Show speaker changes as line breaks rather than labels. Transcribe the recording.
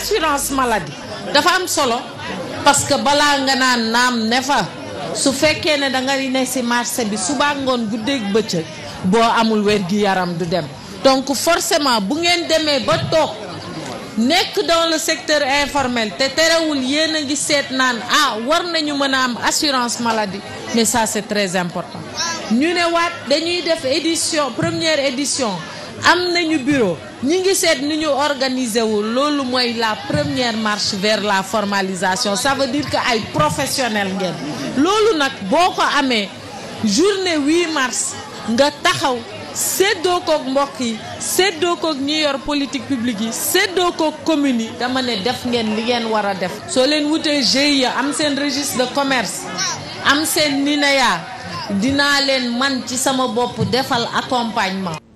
assurance maladie dafa am solo parce que balaa nga naan naam ne fa su fekkee ne da nga ne ci marché bi suba ngoon guddeeg bëccëg boo amul wér gi yaram du dem donc forcément bu ngeen demee ba toog nekk dans le secteur informel te terewul yéen a ngi seet naan ah war nañu mën a am assurance maladie mais ça c'est très important ñu ne waat dañuy def édition première édition am nañu bureau ñi ngi seet ni ñu organiser wu loolu mooy la première marche vers la formalisation ça veut dire que ay professionnel ngeen loolu nag boo ko amee journée 8 mars nga taxaw séddoo koog mbokk yi séddoo koog ñi yor politique publique yi séddoo koog communes yi dama ne def ngeen li ngeen war a def soo leen wutee GIE am seen registre de commerce am seen NINEA dinaa leen man ci sama bopp defal
accompagnement